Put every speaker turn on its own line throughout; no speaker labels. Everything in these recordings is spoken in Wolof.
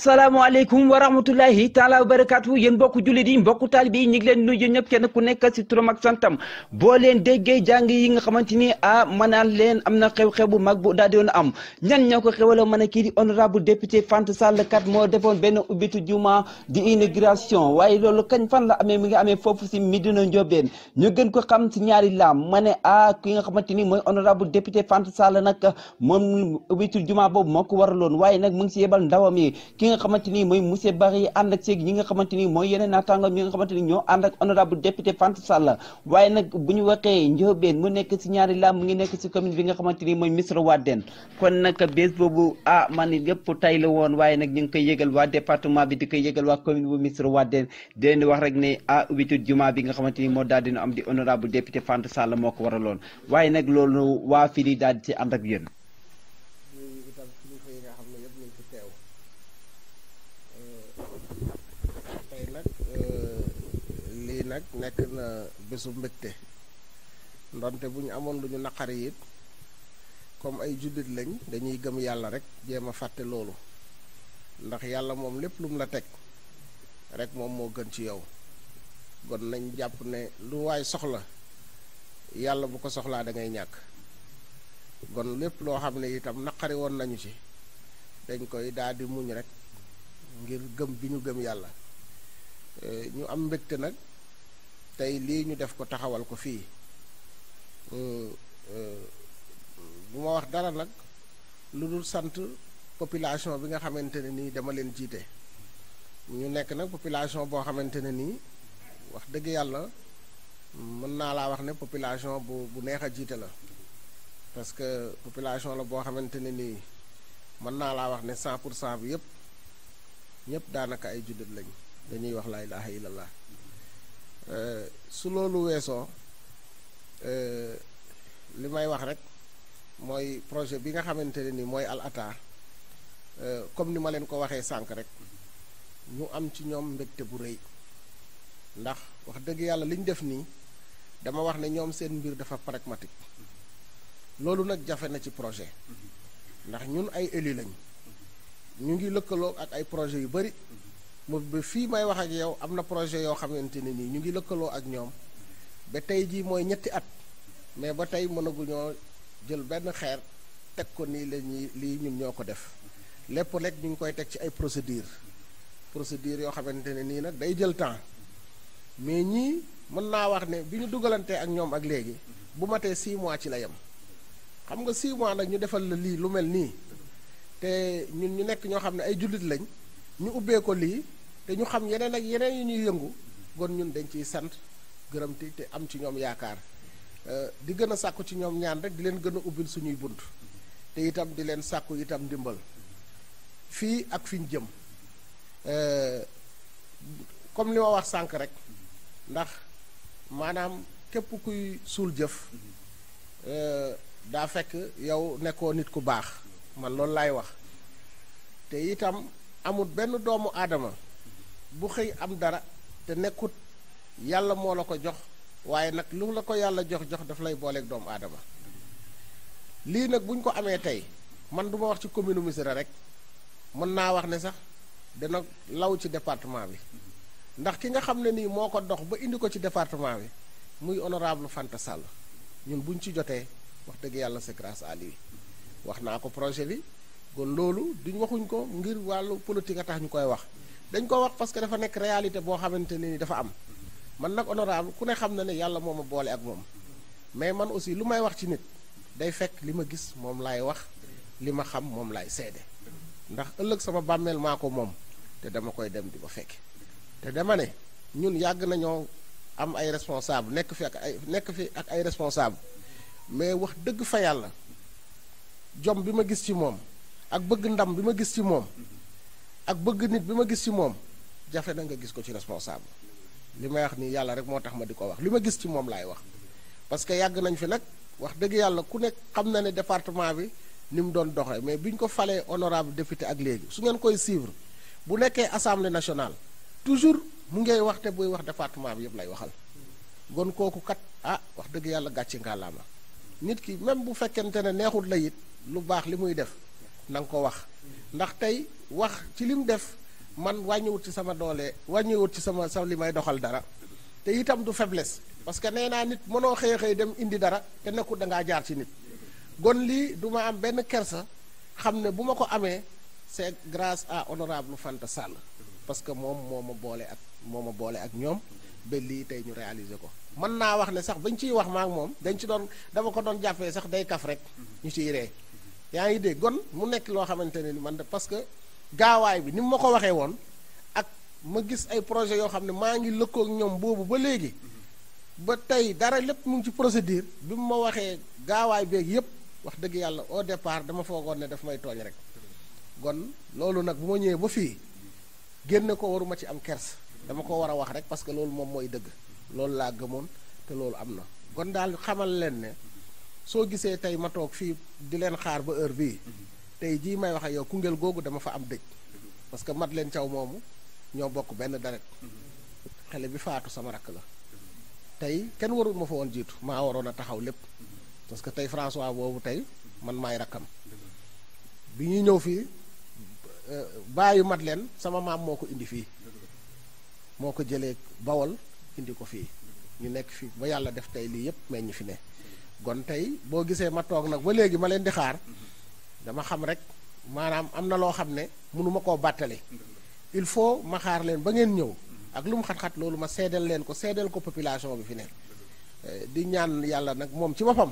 asalaamaaleykum wa rahmatullahi taala wa barakaatu yéen mbokku jullit yi mbokku taalibe yi ñu ngi leen nuyu ñëpp kenn ku nekk si turam santam boo leen déggee jàng yi nga xamante ni ah mënaan leen am na xew-xew bu mag bu daal di doon am ñan ñoo ko xewaloo mën a kii di honorable député Fanta Sall kat moo defoon benn ubbitu juma di inauguration waaye loolu kañ fan la amee mi nga amee foofu si Medina Ndiobène ñu gën ko xam si ñaari laam ma ne ah ki nga xamante ni mooy honorable député Fanta Sall nag moom ubbitu jumaa boobu moo ko waraloon waaye nag mu ngi si yebal ndawam yi nga xamante ni mooy monsieur Barry ànd ak seeg ñi nga xamante ànd ak si ñaari làmb bi nga xamante ni mooy Missirah Wadène kon nag bés boobu ah man yëpp tay la ñu koy yëgal waa département bi di koy yëgal waa commune bu Missirah Wadène di leen wax ah, nga xamante ni moo daal dina am di honorable député Fanta Sall moo ko waraloon waaye nag loolu waa fii daal di ànd ak yéen
nag nekk na bésu mbégte ndonte bu ñu amoon lu ñu naqari it comme ay jullit lañ dañuy gëm yàlla rek jéem a fàtte loolu ndax yàlla moom lépp lum mu la teg rek moom moo gën ci yow kon nañ jàpp ne lu waay soxla yàlla bu ko soxlaa dangay ñàkk kon lépp loo xam ne itam naqari woon nañu ci dañ koy daadi muñ rek ngir gëm bi ñu gëm yàlla ñu am mbégte nag tay li ñu def ko taxawal ko euh euh ma wax dara nak lu dul population bi nga xamante ni dama leen jité ñu nekk nak population bo xamante ni wax deug yalla mën na la wax ne population bu bu jite jité la parce que population la bo xamante ni mën na la wax ne 100% bi yépp ñëpp daanaka ay jullit lañ dañuy wax la ilaha illallah Euh, su loolu weesoo euh, li may wax rek mooy projet bi nga xamante ne ni mooy Al Ataa euh, comme ni ma leen ko waxee sànq rek ñu am ci ñoom mbégte bu rëy ndax wax dëgg yàlla li def nii dama wax ne ñoom seen mbir dafa pragmatique loolu nag jafe na ci projet ndax ñun ay élus lañ ñu ngi lëkkaloo ak ay projet yu bari ba fii may wax ak yow am na projet yoo xamante ne nii ñu ngi lëkkaloo ak ñoom ba tey jii mooy ñetti at mais ba tey mënaguñoo jël benn xeer teg ko nii la ñuy lii ñun ñoo ko def lépp rek ñu ngi koy teg ci ay procédure procédure yoo xamante ne nii nag day jël temps mais ñii mën naa wax ne bi ñu dugalantee ak ñoom ak léegi bu matee 6 mois ci la yem xam nga 6 mois nag ñu defal la lii lu mel nii te ñun ñu nekk ñoo xam ne ay jullit lañ ñu ubbee ko lii te ñu xam yeneen ak yeneen yi ñuy yëngu kon ñun dañ ciy sant gërëm te am ci ñoom yaakaar euh, di gën a sàkku ci ñoom ñaan rek di leen gën a ubbil suñuy bunt te itam di leen sàkku itam ndimbal fii ak fi ñu jëm euh, comme li ma wax sànq rek ndax maanaam képp kuy suul jëf euh, daa fekk yow nekkoo nit ku baax man loolu laay wax te itam amut benn doomu aadama bu xëy am dara te nekkut yàlla moo la ko jox waaye nag lu la ko yàlla jox jox daf lay booleeg doomu aadama lii nag bu ñu ko amee tey man du ma wax ci commune Missirah rek mën naa wax ne sax dana law ci département bi ndax ki nga xam ne nii moo ko dox ba indi ko ci département bi muy honorable Fanta Sall ñun buñ ci jotee wax dëgg yàlla c'est grâce à lui wax naa ko projet bi kon loolu duñ waxuñ ko ngir wàllu politique a tax ñu koy wax dañ ko wax parce que dafa nek réalité bo xamanteni ni dafa am man nak honorable ku ne xam na ne yalla moma bolé ak mom mais man aussi lu may wax ci nit day fekk lima gis mom lay wax lima xam mom lay sédé ndax ëlëk sama bammel mako mom té dama koy dem di ko fekke te dama né ñun yag nañu am ay responsable nek fi ak ay nek fi ak ay responsable mais wax deug fa yalla jom bima gis ci mom ak bëgg ndam bima gis ci ak bëgg nit bi ma gis ci moom jafe na nga gis ko ci responsable li may wax nii yàlla rek moo tax ma di ko wax li ma gis ci moom laay wax parce que yàgg nañ fi nag wax dëgg yàlla ku nekk xam na ne département bi ni mu doon doxee mais bi ñu ko falee honorable député ak léegi su ngeen koy suivre bu nekkee assemblée national toujours mu ngay wax te buy wax département bi yëpp lay waxal kon kooku kat ah wax dëgg yàlla gàcce ngàllaama nit ki même bu fekkente ne neexut la lu baax li muy def na nga ko wax ndax tey wax ci li mu def man wàññiwut ci sama doole wàññiwut ci sama sa li may doxal dara te itam du faiblesse parce que nee naa nit mënoo xëy xëy dem indi dara te nekkul da jaar ci nit gon lii du ma am benn kersa xam ne bu ma ko amee c'est grâce a honorable Fanta Sall parce que moom moo ma boole ak moo ma boole ak ñoom ba lii tey ñu réaliser ko mën naa wax ne sax bañ ciy wax maak moom dañ ci doon dama ko doon jàppee sax day kaf rek ñu ciy ree yaa ngi dégg gon mu nekk loo xamante ne ni man de parce que gaawaay bi ni mu ma ko waxee woon ak ma gis ay projet yoo xam ne maa ngi lëkkoog ñoom boobu ba léegi ba tey dara lépp mu ngi ci procédure bi mu ma waxee gaawaay beeg yépp wax dëgg yàlla au départ dama foogoon ne dafa may tooñ rek kon loolu nag bu ma ñëwee ba fii génne ko waruma ci am kers dama ko war a wax rek parce que loolu moom mooy dëgg loolu laa gëmoon te loolu am na kon daal xamal leen ne soo gisee tey ma toog fii di leen xaar ba heure bi tey jii may wax yow Koungheul googu dama fa am dëj parce que mat leen caw moomu ñoo bokk benn deret xale bi faatu sama rakk la tey kenn warul ma fa woon jiitu maa waroon a taxaw lépp parce que tey François boobu tey man maay rakkam bi ñuy ñëw fii euh, bàyyi mat leen sama maam moo ko indi fii moo ko jëlee bawal indi ko fii ñu nekk fii ba yàlla def tey lii yépp meññ fi ne kon tey boo gisee ma toog nag ba léegi ma leen di xaar dama xam rek maanaam am na loo xam ne mënuma koo bàttale il faut ma xaar leen ba ngeen ñëw ak lu mu xat-xat loolu ma seddal leen ko seddal ko population bi fi nekk eh, di ñaan yàlla nag moom ci boppam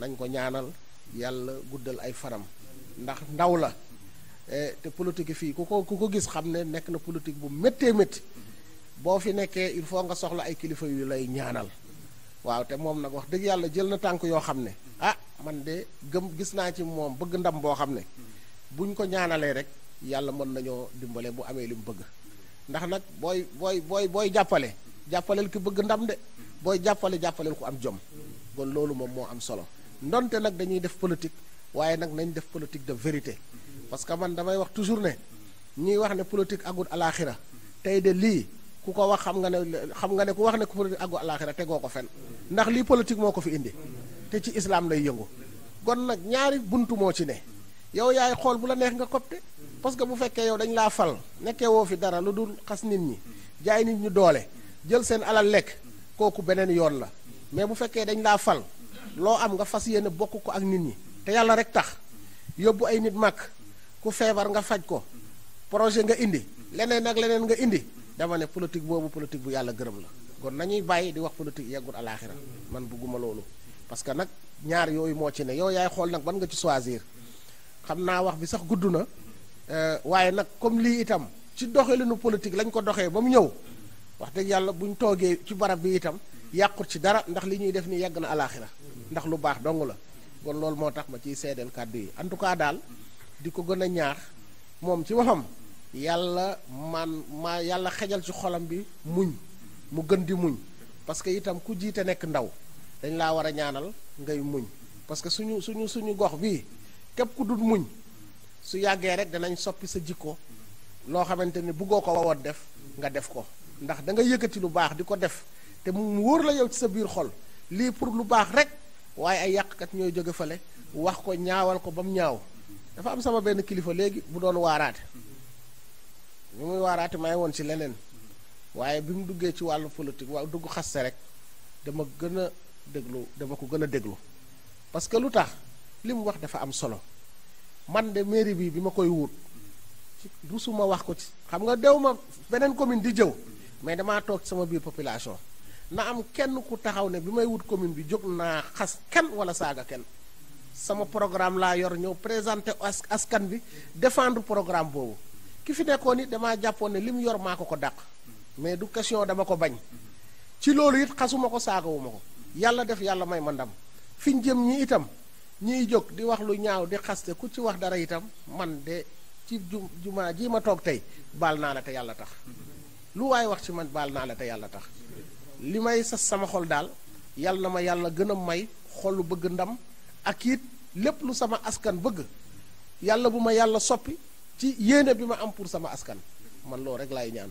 nañ ko ñaanal yàlla guddal ay faram ndax ndaw la eh, te politique fii ku ko ku ko gis xam ne nekk na politique bu méttee métti boo fi nekkee il faut nga soxla ay kilifa yu lay ñaanal waaw te moom nag wax dëgg yàlla jël na tànk yoo xam ne ah man de gëm gis naa ci moom bëgg ndam boo xam ne buñ ko ñaanalee rek yàlla mën nañoo dimbale bu amee li mu bëgg ndax nag booy booy booy booy jàppale jàppaleel ki bëgg ndam de booy jàppale jàppaleel ku am jom kon loolu moom moo am solo ndonte nag dañuy def politique waaye nag nañ def politique de vérité parce que man damay wax toujours ne ñuy wax ne politique agul alaxira tey de lii ku ko wax xam nga ne xam nga ne ku wax ne ku agu alakhira te goko fen ndax li politique moko fi indi te ci islam lay yëngu kon nak ñaari buntu mo ci ne yow yaay xol bu la neex nga copte parce que bu fekke yow dañ la fal nekke wo fi dara lu dul xas nit ñi jaay nit ñu doole jël seen alal lek koku benen yoon la mais bu fekke dañ la fal lo am nga fas yéene bokk ko ak nit ñi te yalla rek tax yobbu ay nit mak ku febar nga faj ko projet nga indi leneen nak leneen nga indi dama ne politique boobu politique bu yàlla gërëm la kon nañuy bàyyi di wax politique yeggul alaaxira man bugguma loolu parce que nag ñaar yooyu moo ci ne yow yaay xool nag ban nga ci choisir xam naa wax bi sax gudd na euh, waaye nag comme lii itam ci doxalinu politique lañ ko doxee ba mu ñëw wax dëgg yàlla buñ toogee ci barab bi itam yàqut ci dara ndax li ñuy def ni yàgg na alaaxira ndax lu baax dong la kon loolu moo tax ma ciy seedeel kàddu yi en tout cas daal di ko gën a ñaax moom ci waxam yàlla man maa yàlla xejal ci xolam bi muñ mu gën di muñ parce que itam ku jiite nekk ndaw dañ laa war a ñaanal ngay muñ parce que suñu suñu suñu gox bii képp ku dul muñ su yàggee rek danañ soppi sa jikko loo xamante ni buggoo ko wawoon def nga def ko ndax da nga yëkkati lu baax di ko def te mu wóor la yow ci sa biir xol lii pour lu baax rek waaye ay yàqkat ñooy jóge fale wax ko ñaawal ko ba mu ñaaw dafa am sama benn kilifa léegi bu doon waaraate ñu muy waaraate may woon ci leneen waaye bi mu duggee ci wàllu politique waa dugg xas se rek dama gën a déglu dama ko gën a déglu parce que lu tax li mu wax dafa am solo man de mairie bi bi ma koy wut rusuma wax ko ci xam nga dew ma beneen commune di jëw mais damaa toog sama biir population na am kenn ku taxaw ne bi may wut commune bi jóg naa xas kenn wala saaga kenn sama programme laa yor ñëw présenter askan bi defendre programme boobu ki fi nekkoon it damaa jàppoon ne li mu yor maa ko ko dàq mais du question dama ko bañ ci loolu it xasuma ko saagawuma ko yàlla def yàlla may ma ndam fi ñu jëm ñi itam ñiy jóg di wax lu ñaaw di xaste ku ci wax dara itam man de ci ju jumaa ji ma toog tey baal naa la te yàlla tax lu waaye wax ci man baal naa la te yàlla tax li may sas sama xol daal yàlla na ma yàlla gën a may xolu bëgg ndam ak it lépp lu sama askan bëgg yàlla bu ma yàlla soppi ci yéene bi ma am pour sama askan man loolu rek laay ñaan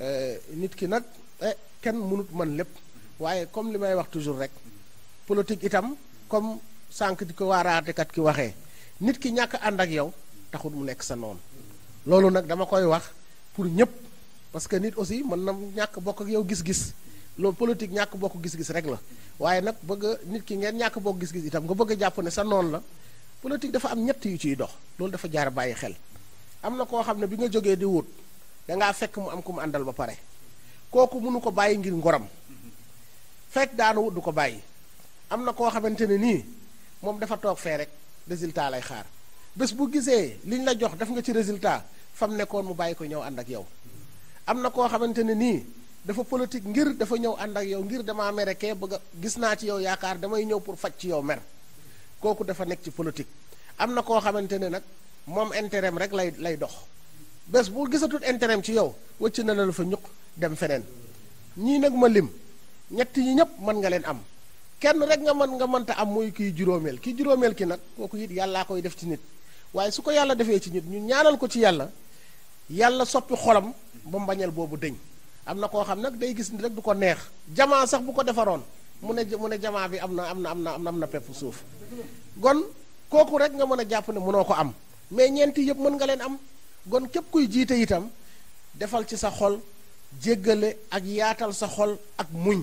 euh, nit ki nag eh, kenn mënut man lépp waaye comme li may wax toujours rek politique itam comme sànq di ko waaraatekat ki waxee nit ki ñàkk ànd ak yow taxul mu nekk sa noon loolu nag dama koy wax pour ñëpp parce que nit aussi mën na ñàkk bokk ak yow gis-gis loolu politique ñàkk bokk gis-gis rek la waaye nag bëgg nit ki ngeen ñàkk bokk gis-gis itam nga bëgg a jàpp ne sa noon la politique dafa am ñett yu ciy dox loolu dafa jaar bàyyi xel am na koo xam ne bi nga jógee di wut dangaa fekk mu am ku mu àndal ba pare kooku mënu ko bàyyi ngir ngoram fekk daana wut du ko bàyyi am na koo xamante ne nii moom dafa toog fee rek résultat lay xaar bés bu gisee liñ la jox def nga ci résultat fam nekkoon mu bàyyi ko ñëw ànd ak yow am na koo xamante ne nii dafa politique ngir dafa ñëw ànd ak yow ngir damaa mere kee bëgg gis naa ci yow yaakaar damay ñëw pour faj ci yow mer kooku dafa nekk ci politique am na koo xamante ne nag moom intérêt rek lay lay dox bés boo gisatul intérêt ci yow wëcc na la fa ñuq dem feneen ñii nag ma lim ñett ñi ñëpp mën nga leen am kenn rek nga mën nga mënta am muy kii juróomeel kii juróomeel ki nag kooku it yàllaa koy def ci nit waaye su ko yàlla defee ci nit ñu ñaanal ko ci yàlla yàlla soppi xolam ba mbañal boobu dëñ am na koo xam nag day gis ni rek du ko neex jamaa sax bu ko defaroon mu ne mu ne jamaa bi am na am na am na am na pepp suuf kon kooku rek nga mën a jàpp ne mënoo ko am mais ñeenti yëpp mën nga leen am kon képp kuy jiite itam defal ci sa xol jéggale ak yaatal sa xol ak muñ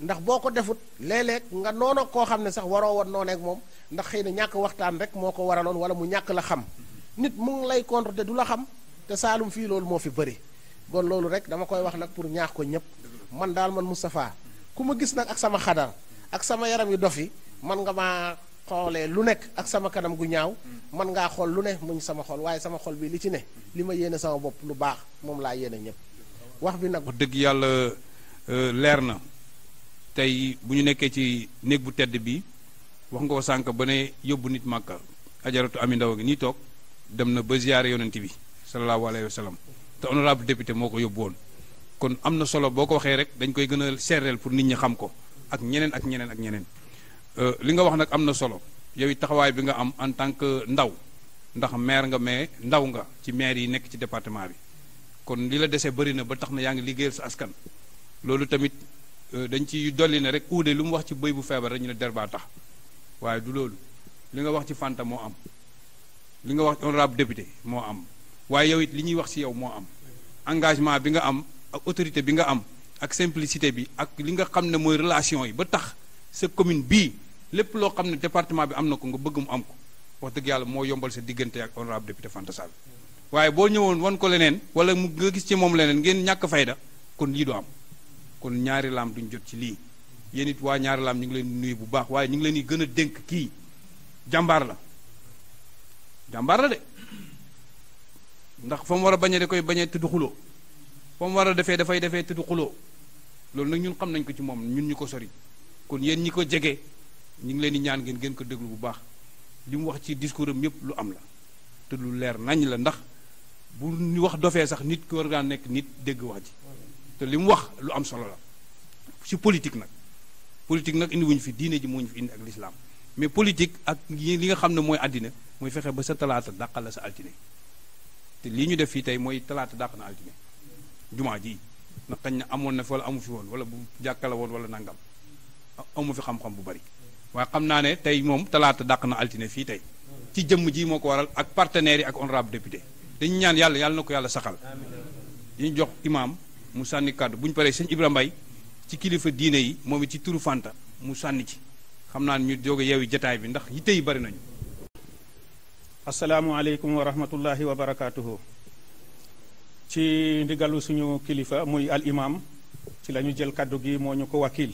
ndax boo ko defut léeg-léeg nga noon ak koo xam ne sax waroo woon nooneek moom ndax xëy na ñàkk waxtaan rek moo ko waraloon wala mu ñàkk la xam nit mu lay contre te du la xam te saalum fii loolu moo fi bëri kon loolu rek dama koy wax nag pour ñaax ko ñépp man daal man mustafaa ku ma gis nag ak sama xadar ak sama yaram yu dof yi man nga maa xoolee lu nekk ak sama kanam gu ñaaw man ngaa xool lu ne muñ sama xol waaye sama xol bi li ci ne li ma yéene sama bopp lu baax moom laa yéene ñëpp
wax bi nag wax dëgg yàlla euh, leer na tey bu ñu nekkee ci néeg bu tedd bi wax nga ko sànq ba ne yóbbu nit màkka ajaratu ami ndaw gi nii toog dem na ba ziyaare yonent bi sallallahu alayhi wa sallam te honorable député moo ko yóbbu woon kon am na solo boo ko waxee rek dañ koy gën a serreel pour nit ñi xam ko ak ñeneen ak ñeneen ak ñeneen li nga wax nag am na solo yow it taxawaay bi nga am en tant que ndaw ndax maire nga mais ndaw nga ci maire yi nekk ci département bi kon li la dese bëri na ba tax na yaa ngi liggéeyal sa askan loolu tamit euh, dañ ci dolli ne rek uude lu mu wax ci bëy bu feebar rek ñu ne der baa tax waaye du loolu li nga wax ci Fanta moo am li nga wax honorable député moo am waaye yow it li ñuy wax ci yow moo am engagement bi nga am ak autorité bi nga am ak simplicité bi ak li nga xam ne mooy relation yi ba tax sa commune bii lépp loo xam ne département bi am na ko nga bëgg mu am ko wax dëgg yàlla moo yombal sa diggante ak honorable député Fanta Sall waaye boo ñëwoon wan ko leneen wala mu nga gis ci moom leneen ngeen ñàkk fayda kon lii du am kon ñaari laam duñ jot ci lii yéen it waa ñaari laam ñu ngi leen di nuyu bu baax waaye ñu ngi leen di gën a dénk kii la jàmbaar la de ndax fa mu war a da koy bañee tudd xuloo fa mu war a defee dafay defee tudd xuloo loolu ñun xam nañ ko ci moom ñun ñu sori kon yéen ñi ko ñu ngi leen di ñaan ngeen gën ko déglu bu baax li mu wax ci discours am lu am la te lu leer nañ la ndax bu ñu wax dofee sax nit ki war nekk nit dégg wax ji te li mu wax lu am solo la ci politique nag politique nag indi fi diine ji moo fi indi ak lislaam mais politique ak li nga xam ne mooy àddina mooy fexe ba sa talaata dàqal la sa altine te lii ñu def fii tey mooy talaata dàq na altine jumaa ji ndax xañ na amoon na fi wala amu fi woon wala bu jàkkala wala nangam amu fi xam-xam bu bari waaye xam naa ne tey moom talaata dàq na altine fii tey ci jëmm ji moo ko waral ak partenaires yi ak honorable député dañu ñaan yàlla yàlla na ko yàlla saxal ñu jox imaam mu sànni kàddu bu ñu paree sëñ Ibrahima Mbaye ci kilifa diine yi moom it ci turu Fanta mu sànni ci xam naa ni ñu jóge yeewi jataay bi ndax yitte tey bari nañu asalaamualeykum
wa rahmatullahi wa barakaatuhu ci ndigalu suñu kilifa muy al ci la ñu jël kàddu gi moo ñu ko wakil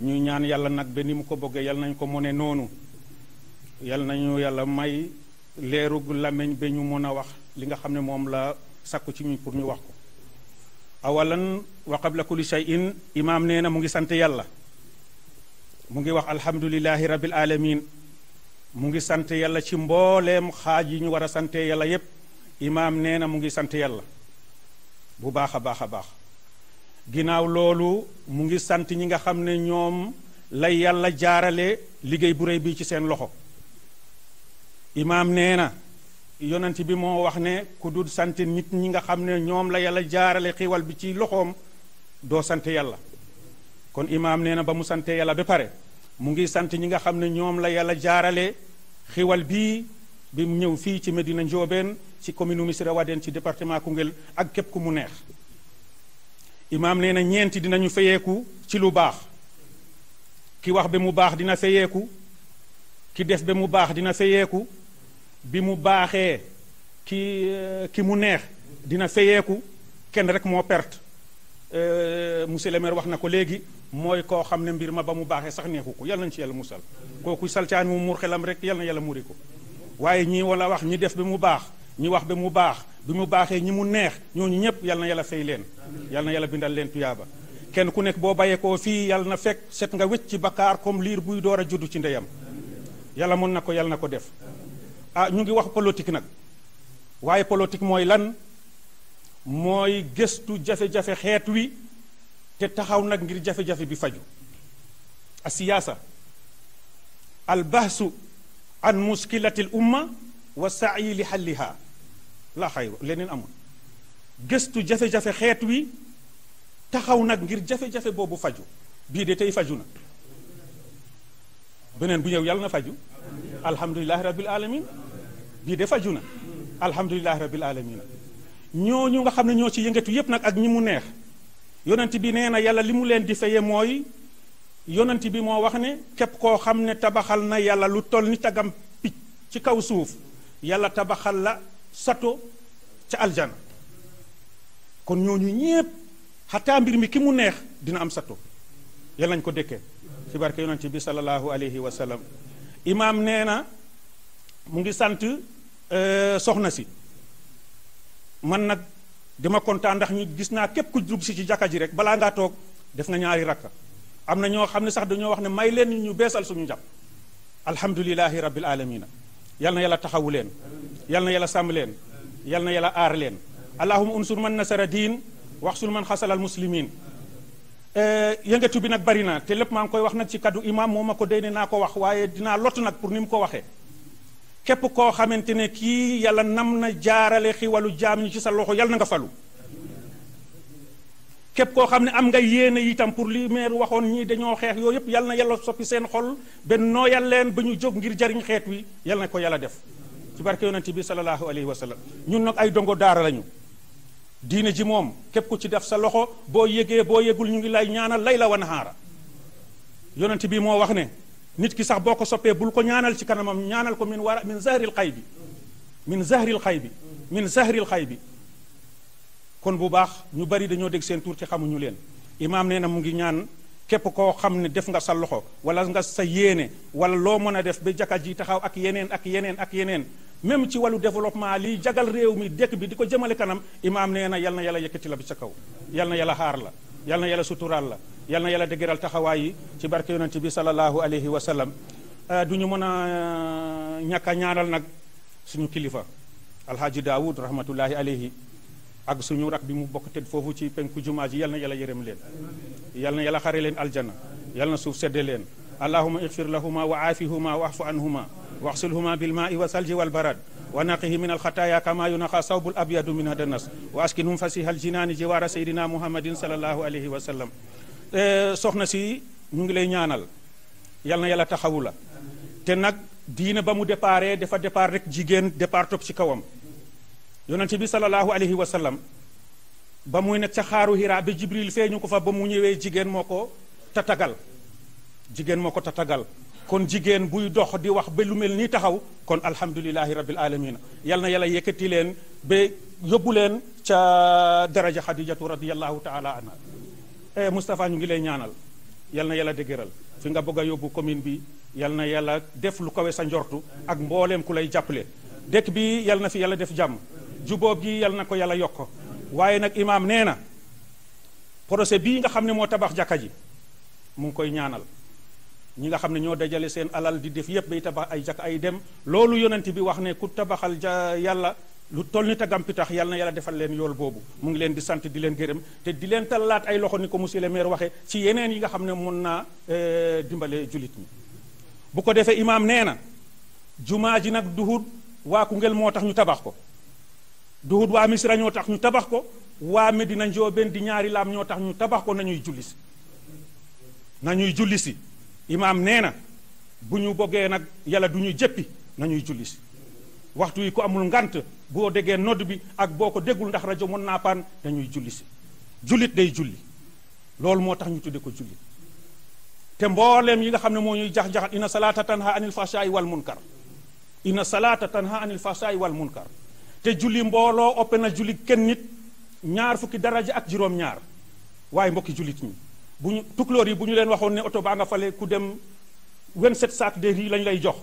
ñu ñaan yàlla nag be ni mu ko bëggee yàlla nañ ko mone noonu yàlla nañu yàlla may leerug làmmiñ ba ñu mën a wax li nga xam ne moom la sakku ci ñu pour ñu wax ko awalan wa qabla kulli in imaam nee na mu ngi sant yàlla mu ngi wax alhamdulilahi rabbil alamin mu ngi sant yàlla ci mbooleem xaaj yi ñu war a sante yàlla yépp imaam nee na mu ngi sant yàlla bu baax a baax a baax ginnaaw loolu mu ngi sant ñi nga xam ne ñoom lay yàlla jaarale liggéey bu réy bi ci seen loxo imaam nee na yonent bi moo wax ne ku dul sant nit ñi nga xam ne ñoom la yàlla jaarale xiwal bi ci loxoom doo sant yàlla kon imaam nee na ba mu sante yàlla ba pare mu ngi sant ñi nga xam ne ñoom la yàlla jaarale xiwal bii bi mu ñëw fii ci Medina Ndiobène ci commune Missirah Wadène ci département Koungheul ak képp ku mu neex imaam nee na ñeenti dinañu feyeeku ci lu baax ki wax ba mu baax dina feyeeku ki def ba mu baax dina feyeeku bi mu baaxee ki euh, ki mu neex dina feyeeku kenn rek moo perte euh, monsieur le maire wax na ko léegi mooy koo xam ne mbir ma ba mu baaxee sax neexu ko yal nañu ci yàlla musal kooku salcaan mu muur xelam rek yal na yàlla muri ko waaye ñi wala wax ñi def ba mu baax ñi wax ba mu baax bi mu baaxee ñi mu neex ñooñu ñëpp yal na yàlla fay leen yal na yàlla bindal leen tuyaaba kenn ku nekk boo bàyyeekoo fii yal na fekk set nga wécc ci bakkaar comme liir buy door a juddu ci ndeyam yàlla mën na ko yal na ko def ah ñu ngi wax politique nag waaye politique mooy lan mooy gëstu jafe-jafe xeet wi te taxaw nag ngir jafe-jafe bi faju a siyaasa al bahsu an muskilati umma wa saayi li xalliha la xay leneen amul gëstu jafe-jafe xeet wi taxaw nag ngir jafe-jafe boobu faju bii de tey faju na beneen bu ñëw yàlla na faju alhamdulilahi rabil alamin bii de faju na alhamdulilahi rabil alamin ñooñu nga xam ne ñoo ci yëngatu yépp nag ak ñi mu neex yonent bi nee na yàlla li mu leen di feye mooy yonent bi moo wax ne kepp koo xam ne tabaxal na yàlla lu toll ni tagam picc ci kaw suuf yàlla tabaxal la sato ca aljana kon ñooñu ñépp xataa mbir mi ki mu neex dina am sato yal nañ ko dëkkee ci barke yonent bi sallallahu alayhi wa sallam imaam nee na mu ngi sant euh, soxna si man nag dama kontaan ndax ñu gis naa képp ku dugg si ci jàkka ji rek balaa nga toog def nga ñaari rakka am na ñoo xam ne sax dañoo wax ne may leen ñu beesal suñu jàpp alhamdulilahi rabbil alamina yal na yàlla taxawu leen yal na yàlla sàmm leen yal na yàlla aar leen allahuma unsur man nasara diin wax sul man xasalal muslimin eh, yëngatu bi nag bari na te lépp maa ngi koy wax nag ci kaddu imam moo ma ko déy ne naa ko wax waaye dinaa lottu nag pour ni mu ko waxee képp koo xamante ne kii yàlla nam na jaarale xiwalu jaam ñi ci sa loxo yal na nga falu képp koo xam ne am nga yéene itam pour li maire waxoon ñii dañoo xeex yooyu yëpp yal na yàlla soppi seen xol benn nooyal leen ba ñu jóg ngir jariñ xeet wi yal na ko yàlla def ci barke yonente bi salallahu alayhi wa sallam ñun nag ay dongo daara lañu diine ji moom képp ku ci def sa loxo boo yëgee boo yëgul ñu ngi lay ñaanal lay la wanhaara yonente bi moo wax ne nit ki sax boo ko soppee bul ko ñaanal ci kanamam ñaanal ko min wara min zahril xay bi min zahril xay bi min zahril xay bi kon bu baax ñu bari dañoo dégg seen tuur ci xamuñu leen imaam nee na mu ngi ñaan képp koo xam ne def nga sa loxo wala nga sa yéene wala loo mën a def ba jàkka ji taxaw ak yeneen ak yeneen ak yeneen même ci wàllu développement liy jagal réew mi dëkk bi di ko jëmale kanam imaam nee na yal na yàlla yëkkati la bi ca kaw yal na yàlla xaar la yal na yàlla suturaal la yal na yàlla dëgëral taxawaay yi ci barke yonent bi sallallahu alayhi wa sallam euh, du ñu mën a euh, ñàkk a ñaanal nag suñu kilifa alhaaji daawud rahmatullahi alayhi ak suñu rak bi mu bokk te fofu ci penku juma yalna yalla yereem leen yalna yalla xare leen aljanna yalna suuf sedde leen allahumma ighfir lahumā wa 'afihumā wa 'fu anhumā wa ighsilhumā bil ma'i wa salji wal barad wa naqihi min al khataya kama yunqa sawbul abyad min hadan nas wa askinhum fasih al jinan jiwar sayyidina muhammadin sallallahu alayhi wa sallam soxna si ñu ngi lay ñaanal yalna yalla taxawula te nak diina ba mu départé dafa départ rek jigen départ top ci kawam yonent bi sallallahu alayhi wa sallam ba muy nekk ca xaaru Hira ba Jibril feeñu ko fa ba mu ñëwee jigéen moo ko tatagal jigéen moo ko tatagal kon jigéen buy dox di wax ba lu mel nii taxaw kon alhamdulilahi rabil alamina yal na yàlla yëkkati leen ba yóbbu leen ca daraja xadijatu radiallahu taala anha e ñu ngi lay ñaanal yal na yàlla dëgëral fi nga bëgg a yóbbu commune bi yal na yàlla def lu kawe sa njortu ak mbooleem ku lay jàppale dëkk bi yal na fi yàlla def jàmm jubóob gi yal na ko yàlla yokk waaye nag imaam nee na procès bii nga xam ne moo tabax jàkka ji mu ngi koy ñaanal ñi nga xam ne ñoo dajale seen alal di def yépp bay tabax ay jàkka ay dem loolu yonent bi wax ne ku tabaxal ja yàlla lu toll ni tagam pitax yàlla yàlla defal leen yool boobu mu ngi leen di sant di leen gërëm te di leen tallaat ay loxo ni ko monsieur le maire waxee ci yeneen yi nga xam ne mun naa eh, dimbale julit ñi bu ko defee imaam nee na jumaa ji nag duhut waa Koungheul moo tax ñu tabax ko duhut waa misra ñoo tax ñu tabax ko waa Medina Njoobeen di ñaari laam ñoo tax ñu tabax ko nañuy julli si nañuy julli si imaam nee na bu ñu boggee nag yàlla du ñuy jëppi nañuy julli si waxtu yi ko amul ngant boo déggee nodd bi ak boo ko déggul ndax rajo mën naa paan dañuy julli si jullit day julli loolu moo tax ñu tudde ko jullit te mbooleem yi nga xam ne moo ñuy jax-jaxal inna salaata tanha anil fashaa'i wal munkar inna salaata tanha anil fashaa'i wal te julli mbooloo oppe a julli kenn nit ñaar fukki daraja ak juróom-ñaar waaye mbokki jullit ñi bu ñu tukulóor yi bu ñu leen waxoon ne oto baa nga fale ku dem 27 sac de riz lañ lay jox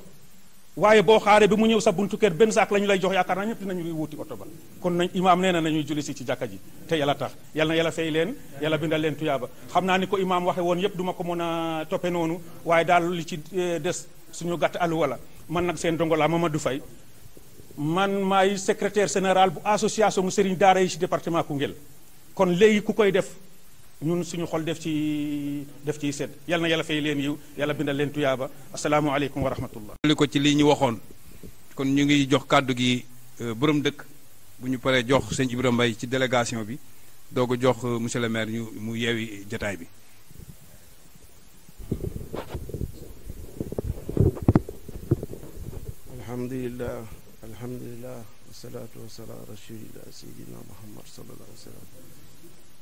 waaye boo xaaree ba mu ñëw sa buntu kër benn saak lañu lay jox yaakaar naa ñëpp dinañu wuti oto ba kon nañ imaam nee na nañuy julli si ci jàkka ji te yàlla yàlla yàlla fay leen yàlla leen tuyaaba xam naa ni ko imaam waxe woon yëpp duma ko mën a toppee noonu waaye daal li ci eh, des suñu gàtt àllu wala man nag seen dongo laa ma Mamadou Faye man may secrétaire sénéral bu association sëriñ daara yi ci département Koungheul kon léegi ku koy def ñun suñu xol def ci def ciy sedd yàlla na yàlla fay leen yiw yàlla bindal leen tuyaaba asalaamualeykum wa rahmatullah
li ko ci lii ñu waxoon kon ñu ngi jox kàddu gi euh, borom dëkk bu ñu paree jox sëñ Ibrahima Mbaye ci délégation bi doog a jox euh, monsieur le maire ñu mu yeewi jataay bi
alhamdulilah wasalaatu wasalaam ala rasulillah sayidina muhammad sallallahu alayhi wa sallam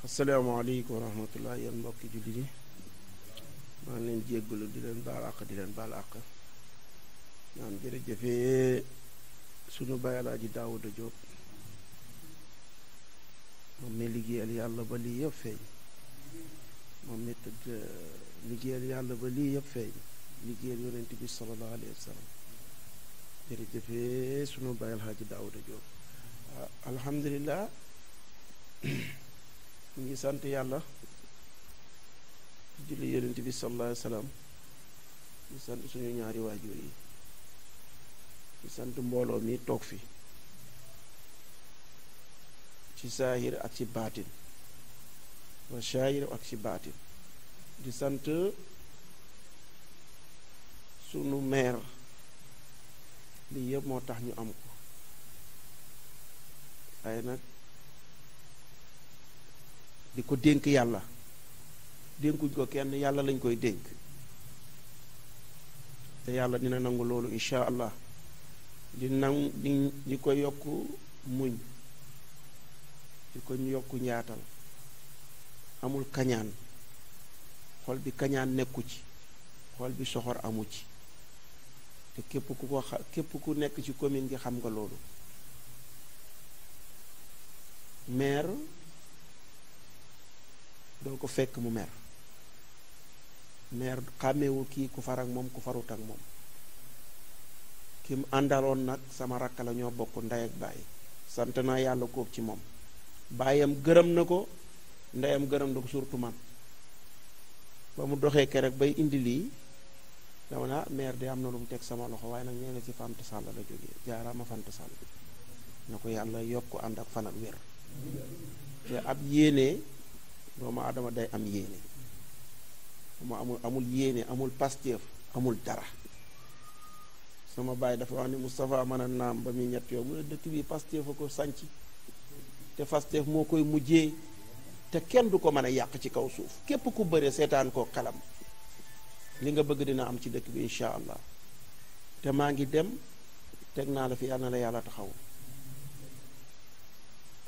asalaamaaleykum wa mbokki jullit yi maa ngi leen jéggalu di leen baal àq di leen baal àq ñaan jërëjëfee suñu baay Daawuda Jóob moom mi liggéeyal yàlla ba lii yëpp feeñ moom mi tëdd liggéeyal yàlla ba lii yëpp feeñ liggéeyal yonent bi sallallahu alayhi wa sallam jërëjëfee sunu baay alxaaji daawuda Jóob ah, alhamdulilah mu ngi sant yàlla di julli yonent bi sallallahu alayhi wa salaam di sant suñu ñaari waajur yi di sant mbooloo mi toog fi ci saahir ak ci baatin wa saahir ak ci baatin di sant sunu meer lii yëpp moo tax ñu am ko waaye nag di ko dénk yàlla dénkuñ ko kenn yàlla lañ koy dénk te yàlla dina nangu loolu incha allah di nang di di ko yokk muñ di ko yokk ñaatal amul kañaan xol bi kañaan nekku ci xol bi soxor amu ci te képp ku ko képp ku nekk ci commune gi xam nga loolu maire doo ko fekk mu mer maire xàmmeewul kii ku far ak moom ku farut ak moom kim àndaloon nag sama rakk la ñoo bokk ndey ak bàyyi sant naa yàlla koob ci moom bàyyam gërëm na ko ndeyam gërëm na ko surtout man ba mu doxee bay indi lii dama naa maire de am na lu mu teg sama loxo waaye nag nee na ci fant sàll la jógee jaaraama fant sàll na ko yàlla yokk ànd ak fanal ak wér te ab yéene doomu aadama day am yéene mu amul amul yéene amul pasteef amul dara sama bàyyi dafa wax ni Moustapha mën a naam ba muy ñett yow mu a dëkk bi pasteef a ko sanc te pasteef moo koy mujjee te kenn du ko mën a yàq ci kaw suuf képp ku bëre seetaan koo xalam li nga bëgg dina am ci dëkk bi incha allah te maa ngi dem teg naa la fi yàlla na la yàlla taxaw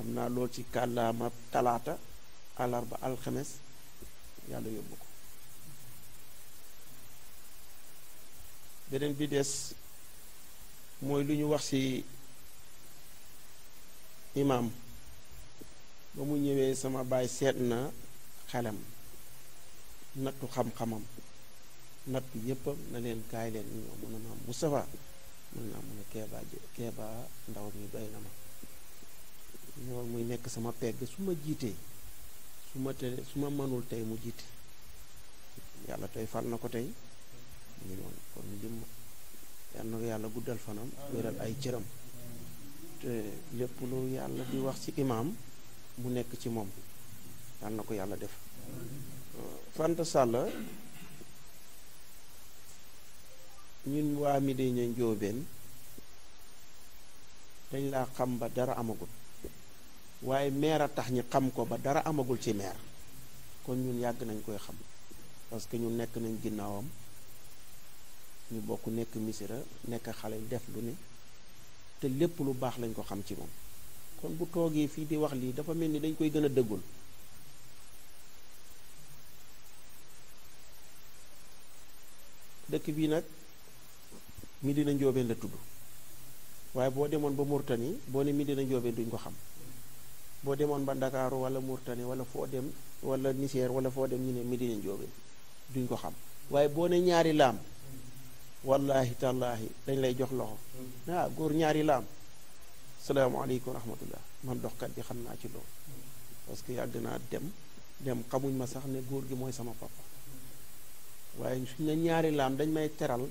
am naa lool ci kàllaama talaata alarba alxemes yàlla yóbbu ko beneen bi des mooy li ñu wax ci imaam ba mu ñëwee sama baay seet na xelam nattu xam-xamam natt yëpp na leen kaay leen ñu ñëw mun a maam mi doy na muy nekk sama pegg su ma jiitee su ma te su ma mënul tey mu jiite yàlla tey fal na ko tey ñu noonu kon lim yàlla guddal fanam wéral ay cëram te lépp lu yàlla di wax ci imaam mu nekk ci moom yal na ko yàlla def Fanta Sall ñun waa mi Médina Ndiobène dañ laa xam ba dara amagul waaye meer a tax ñi xam ko ba dara amagul ci meer kon ñun yàgg nañ koy xam parce que ñu nekk nañ ginnaawam ñu bokk nekk misira nekk xale def lu ne te lépp lu baax lañ ko xam ci moom kon bu toogee fii di wax lii dafa mel ni dañ koy gën a dëggul dëkk bii nag Medina Ndiobène la tudd waaye boo demoon ba Mourtani boo ne Medina Ndiobène duñ ko xam boo demoon ba Ndakaaru wala Mourtani wala foo dem wala Niger wala foo dem ñu ne Medina Ndiobène duñ ko xam waaye boo ne ñaari laam wallahi tallaahi dañ lay jox loxo ah góor ñaari laam salaamaaleykum wa rahmatullah man doxkat bi xam naa ci loolu parce que yàgg dem dem xamuñ ma sax ne góor gi mooy sama papa waaye suñ ne ñaari laam dañ may teral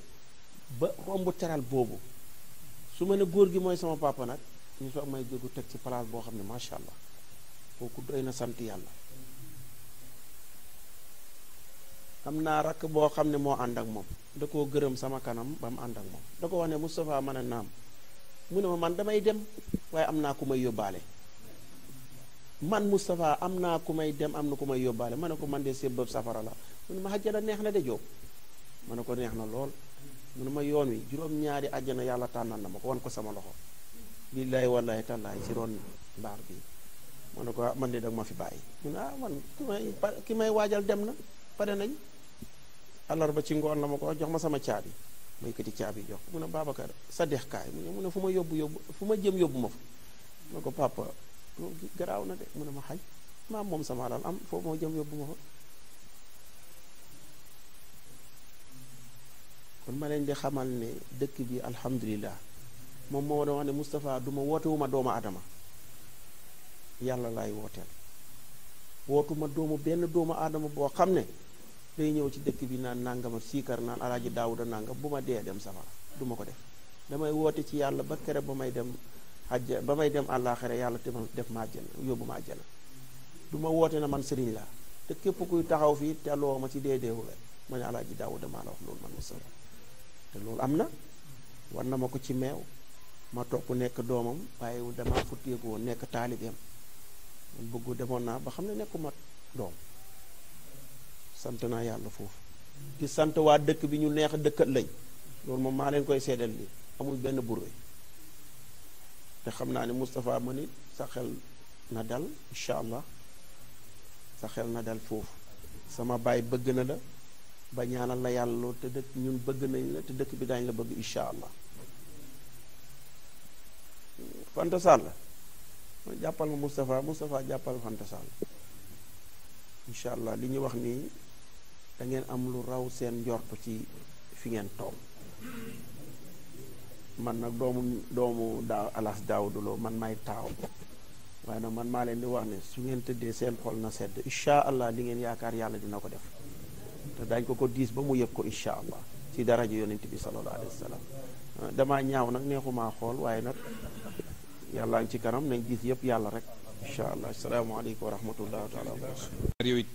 ba mu teral boobu su ma ne góor gi mooy sama papa nag ñu soog may jógu teg ci place boo xam ne macha allah kooku doy na sant yàlla am naa rakk boo xam ne moo ànd ak moom da koo gërëm sama kanam ba mu ànd ak moom da ko wax ne Moustapha man a naam mu ne ma man damay dem waaye am naa ku may yóbbaale man Moustapha am naa ku may dem am na ku may yóbbaale ma ne ko man de sébbab safara la mu ne ma xajja neex na de Jóob ma ne ko neex na lool mu ne ma yoon wi juróom-ñaari àjjana yàlla tànnal na ma ko wan ko sama loxo billaahi wallaahi tàllaahi si ron mbaar bi ma ne ko ah, man de dag ma fi bàyyi mun a ah man ki may ki may waajal dem na pare nañ ba ci ngoon la ma ko jox ma sama caabi ma yëkkati caabi jox mu ne Babacar sa dex kaay mu ne mu ne fu ma yóbbu yóbbu fu ma jëm yóbbu ma fa ma ne ko papa loolu garaaw na de mu ne ma xaj maam moom sama alal am foofu moo jëm yóbbu ma fa kon ma leen di xamal ne dëkk bi alhamdulilah moom moo doon wax ne Moustapha du ma woote wu ma doomu adama yàlla laay wooteel wootuma doomu benn doomu aadama boo xam ne day ñëw ci dëkk bi naan nangama siikar naan alaaji daawuda nangam bu ma dee dem safara duma ko def damay woote ci yàlla ba kere ba may dem àjja ba may dem àllaaxira yàlla te ma def ma àjjana yóbbu ma àjjana du ma woote na man sëriñ laa te képp kuy taxaw fii te loo ma ci dee deewu la ma ne alaaji daawuda maa la wax loolu man Moustapha te loolu am na war na ma ko ci meew ma topp nekk doomam waaye damaa futteeku woon nekk taalibeem man bëggu demoon naa ba xam ne nekkuma doom sant naa yàlla foofu di sant waa dëkk bi ñu neex dëkkat lañ loolu moom maa leen koy seddal li amul benn burwe te xam naa ni mustafaa ma ni sa xel na dal incha allah sa xel na dal foofu sama baay bëgg na la ba ñaanal la yàlla lool te dëkk ñun bëgg nañ la te dëkk bi daañ la bëgg incha allah Fanta Sall jàppal ma Moustapha Moustapha jàppal Fanta Sall incha allah li ñu wax nii da ngeen am lu raw seen njort ci fi ngeen toog man nag doomu doomu da alas daawuduloo man may taaw waaye nag man maa leen di wax ne su ngeen tëddee seen xol na sedd allah li ngeen yaakaar yàlla dina ko def te daañ ko ko diis ba mu yëg ko incha allah ci daraja yonent bi sallallahu alayhi wa sallam ah, damaa ñaaw nag neexumaa xool waaye nag yàlla ngi ci kanam nañ gis yëpp yàlla rek incha allah asalaamaaleykum wa rahmatullahi taala wa barakatu
yow it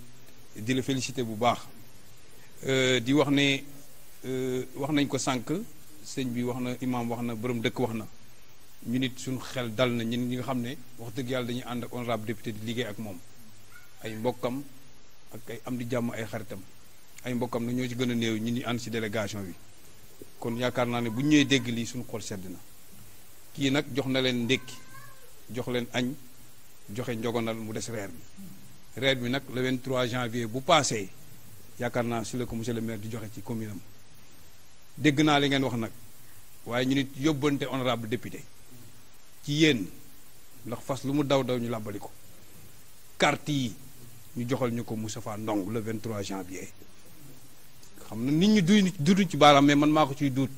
di bu baax euh, di wax ne euh, wax nañ ko sànq sëñ bi wax na imaam wax na borom dëkk wax na ñu nit suñu xel dal na ñun ñi nga xam ne wax dëgg yàlla dañuy ànd ak honorable député di liggéey ak moom ay mbokkam ak ay am di jàmm ay xaritam ay mbokkam na ñoo ci gën a néew ñu ni ànd ci délégation bi kon yaakaar naa ne bu ñu ñëwee dégg lii suñu xol sedd na kii nag jox na leen ndékki jox leen añ joxe njogonal mu des reer bi nag bi nag le 23 janvier bu passé yaakaar naa si la ko monsieur le maire di joxe ci commune am dégg naa li ngeen wax nag waaye ñu nit yóbbante honorable député ci yéen ndax fas lu mu daw daw ñu làbbali ko carte yi ñu joxal ñu ko mu Moustapha Ndong le 23 janvier xam na nit ñu duy duutu ci baaraam mais man maa ko ciy duut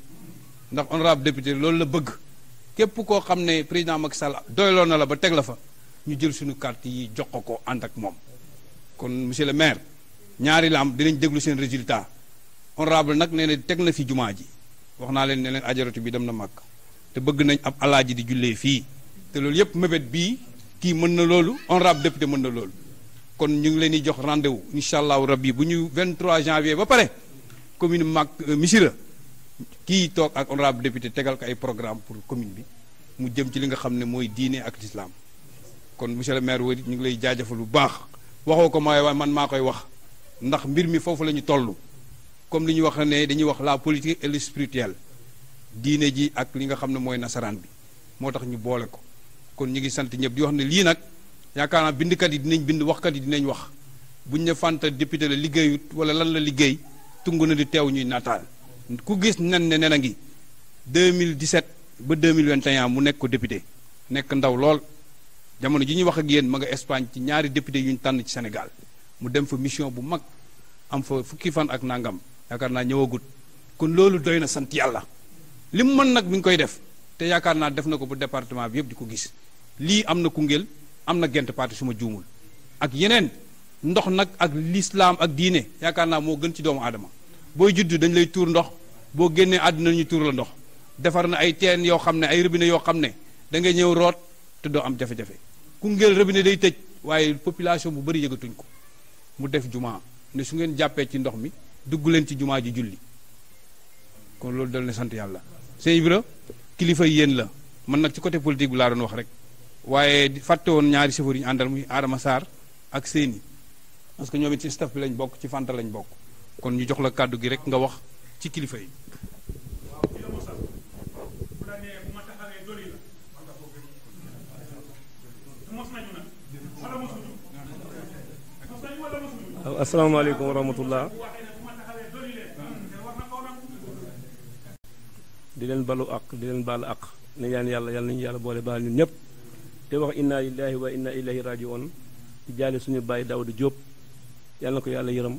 ndax honorable député loolu la bëgg képp koo xam ne président Macky Sall doyloo na la ba teg la fa ñu jël suñu carte yi jox ko ko ànd ak moom kon monsieur le maire ñaari laam dinañ déglu seen résultat honorable nag nee na teg na fi jumaa ji wax naa leen ne leen ajaratu bi dem na màkk te bëgg nañ ab ji di jullee fii te loolu yëpp mébét bii kii mën na loolu honorable député mën na loolu kon ñu ngi leen di jox rendez-vous incha allahu rabbi bu ñu 23 janvier ba pare commune mak euh, misira ki tok ak honorable député tegal ko ay programme pour commune bi mu jëm ci li nga xamné moy diiné ak kon monsieur le maire warit ñu ngi lay jaajëfal bu baax waxo ko may way man makoy wax ndax mbir mi fofu lañu tollu comme li ñu wax né dañuy wax la politique et le spirituel diiné ji ak li nga xamné moy nasaran bi motax ñu bolé ko kon ñu ngi sant ñep di wax né li nak yaakaar bind kat yi dinañ bind kat yi dinañ wax buñ ne Fanta député la liggéeyut wala lan la liggéey tungu na di teew ñuy nataal ku gis nen ne nen a ngi 2017 ba 2021 mu nekk ko député nekk ndaw lool jamono ji ñuy wax ak yéen ma nga Espagne ci ñaari député yu ñu tànn ci Sénégal mu dem fa mission bu mag am fa fukki fan ak nangam yaakaar naa ñëwagut kon loolu doy na sant yàlla li mu mën nag mi ngi koy def te yaakaar naa def na ko bu département bi yëpp di ko gis lii am na Koungheul am na Gent Pathé su ma juumul ak yeneen ndox nag ak lislaam ak diine yaakaar naa moo gën ci doomu aadama booy judd dañu lay tuur ndox boo génnee àdduna ñu tuur la ndox defar na ay teen yoo xam ne ay robinet yoo xam ne da ngay ñëw root te doo am jafe-jafe Koungheul robinet day tëj waaye population bu bari yëgatuñ ko mu def jumaa ne su ngeen jàppee ci ndox mi dugg leen ci jumaa ji julli kon loolu dal ne sant yàlla sëñ Ibra kilifa yéen la man nag ci côté politique bi laa doon wax rek waaye fàtte woon ñaari chauffeur yi ñu àndal muy ak seeni parce que ñoom ci staff bi lañ bokk ci fanta lañ bokk kon ñu jox la kàddu gi rek nga wax ci kilifa yi
alaykum wa rahmatullah di len balu ak di len bal ak ni yan yalla yalla ni yalla boole bal ñun ñep te wax inna lillahi wa inna ilayhi rajiun di jale suñu baye Daawda Jóob yàlla na ko yàlla yërëm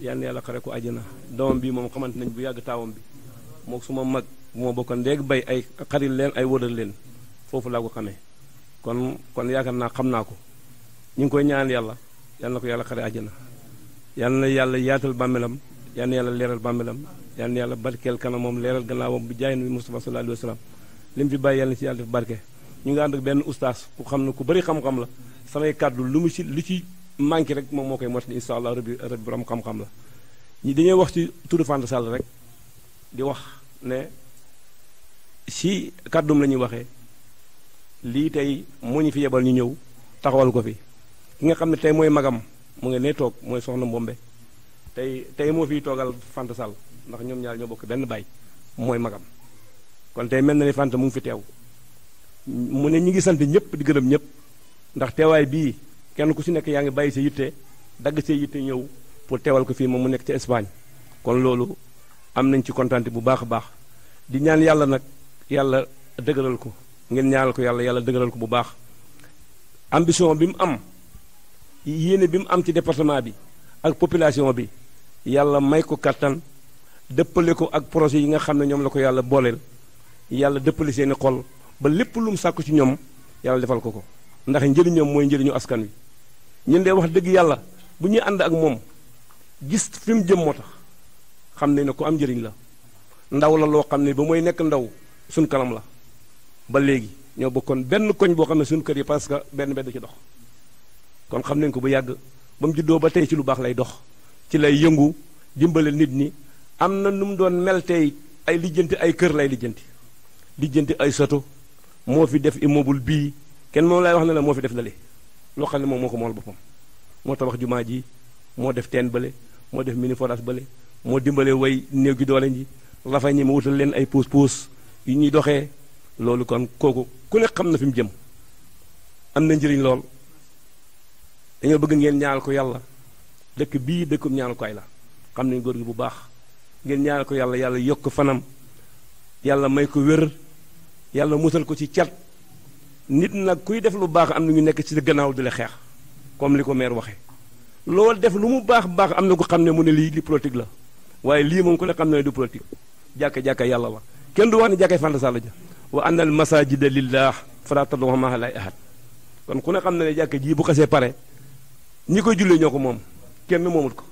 yàlla na yàlla xare ko àjjana doomam bi moom xamante nañ bu yàgg taawam bi moo ma mag moo bokkoon léegi bay ay xarit leen ay wëral leen foofu laa ko xamee kon kon yaakaar naa xam naa ko ñu ngi koy ñaan yàlla yàlla ko yàlla xare àjjana yàlla na yàlla yaatal bàmmelam yàlla yàlla leeral bàmmelam yàlla na yàlla barkeel kanamam leeral gannaawam bi jaayin bi Mustafa sallallahu alayhi wa sallam li mu fi bàyyi yàlla si yàlla def barke ñu ngi ànd ak benn ustaas ku xam ne ku bari xam la manki rek mom mokay mot motali incha rabbi rabbi borom xam-xam la ñi dañuy wax ci turu Fanta Sall rek di wax ne si kaddum la waxe li tay tey moo fi yebal ñu ñew taxawal ko fi ki nga xamne tay moy magam mo ngi ne tok moy soxna Mbombe tay tay mo fi togal Fanta Sall ndax ñom ñaar ñoo bokk ben bay moy magam kon tay melni na mu ngi fi tew mu ne ñi ngi sant ñepp di gëreem ñepp ndax teway bi kenn ku si nekk yaa ngi bàyyi sa yitte dagg sa yitte ñëw pour teewal ko fii moom mu nekk ca Espagne kon loolu am nañ ci kontante bu baax a baax di ñaan yàlla nag yàlla dëgëral ko ngeen ñaanal ko yàlla yàlla dëgëral ko bu baax ambition bi mu am yéene bi mu am ci département bi ak population bi yàlla may ko kattan dëppale ko ak projet yi nga xam ne ñoom la ko yàlla booleel yàlla dëppale seeni xol ba lépp lu sàkku ci ñoom yàlla defal ko ko ndax njëriñam mooy njëriñu askan wi ñun de wax dëgg yàlla bu ñuy ànd ak moom gis fi mu jëm moo tax xam ne ne ko am njëriñ la ndaw la loo xam ne ba mooy nekk ndaw suñ kanam la ba léegi ñoo bokkoon benn koñ boo xam ne suñu kër yi parce que benn benn ci dox kon xam nañ ko bu yàgg ba mu juddoo ba tey ci lu baax lay dox ci lay yëngu dimbale nit ñi am na nu mu doon mel tey ay lijjanti ay kër lay lijjanti lijjanti ay soto moo fi def immeuble bii kenn moom lay wax ne la moo fi def lale loo xam ne moom moo ko moomal boppam moo tabax jumaa ji moo def teen bële moo def mini forage bële moo dimbale way néew gi doole ji lafa ñi ma wutal leen ay puus puus yu ñuy doxee loolu kon kooku ku ne xam na fi mu jëm am na njëriñ lool dañoo bëgg ngeen ñaanal ko yàlla dëkk bii dëkkum ñaanukaay la xam nañ góor gi bu baax ngeen ñaanal ko yàlla yàlla yokk fanam yàlla may ko wér yàlla musal ko ci cat nit nag kuy def lu baax am na ñu nekk ci gannaaw di la xeex comme li ko maire waxee loolu def lu mu baax baax am na ko xam ne mu ne lii li politique la waaye lii moom ko ne xam ne du politique jàkka jàkka yàlla la kenn du wax ne jàkkay Fanta Sall la ja wa anna al masajida lillah fala tad'u ma'a llahi ahad kon ku ne xam ne ne jàkka jii bu xasee pare ñi koy jullee ñoo ko moom kenn moomut ko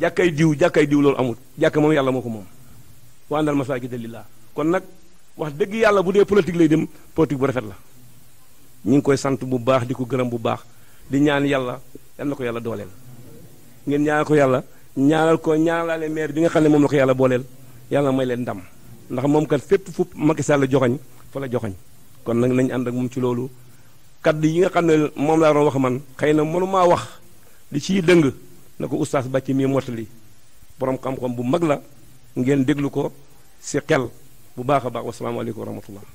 jàkkay diw jàkkay diw loolu amul jàkka moom yàlla moo ko moom wa anna al masajida lillah kon nag wax dëgg yàlla bu dee politique lay dem politique bu rafet la ñu ngi koy sant bu baax di ko gërëm bu baax di ñaan yàlla yal na ko yàlla dooleel ngeen ñaanal ko yàlla ñaanal ko ñaanalaale maire bi nga xam ne moom la ko yàlla booleel yàlla may leen ndam ndax moom kat fépp fu Macky Sall la joxoñ fa la joxoñ kon nag nañu ànd ak moom ci loolu kaddu yi nga xam ne moom laa doon wax man xëy na mënumaa wax li ciy dëng na ko oustaz bàcc mi mottali borom xam-xam bu mag la ngeen déglu ko si xel bu baax a baax wasalaamaaleykum wa rahmatullah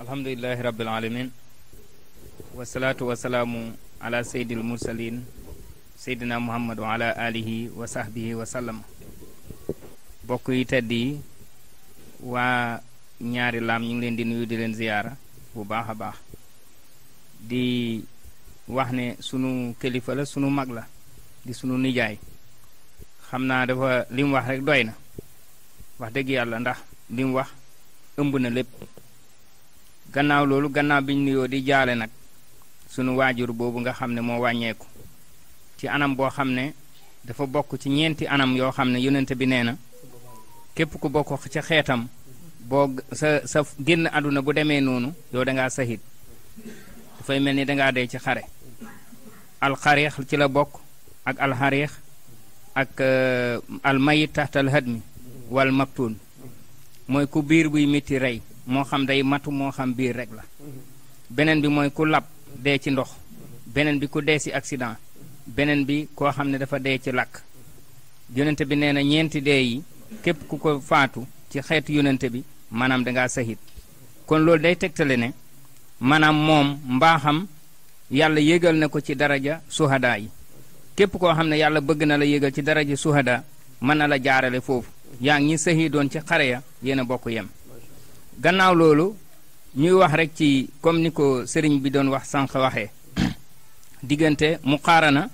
alhamdulilahi rabbil alamin wasalaatu wasalaamu ala sayyidil mursalin seydina muhammad wa ala wa sahbihi wa sallam bokk yi tedd yi waa ñaari laam ñu ngi leen di nuyu di leen ziyaara bu baax a baax di wax ne sunu kilifa la sunu mag la di sunu nijaay xam naa dafa li wax rek doy na wax dëgg yàlla ndax li wax ëmb na lépp gannaaw loolu gannaaw bi ñu nuyoo di jaale nag sunu waajur boobu nga xam ne moo wàññeeku ci anam boo xam ne dafa bokk ci ñeenti anam yoo xam ne yonente bi nee na képp ku bokk ca xeetam boo sa sa génn àdduna bu demee noonu yow dangaa sahid dafay mel ni dangaa dee ci xare alxarix ci la bokk ak alxarix ak euh, almayit taxtal mi wal maptuun mooy ku biir buy métti rey moo xam day matu moo xam biir rek la beneen bi mooy ku lab dee ci ndox beneen bi ku dee ci accident beneen bi koo xam ne dafa dee ci làkk yonente bi nee na ñeenti dee yi képp ku ko faatu ci xeetu yonente bi maanaam dangaa sahit kon loolu day tegtale ne maanaam moom mbaaxam yàlla yégal na ko ci daraja suhadaa yi képp koo xam ne yàlla bëgg na la yégal ci daraja suhadaa mën na la jaarale foofu yaa ngi ñi sahi doon ci xare ya yéen a bokk yem gannaaw loolu ñuy wax rek ci comme ni ko sëriñ bi doon wax sànq waxee diggante muqaarana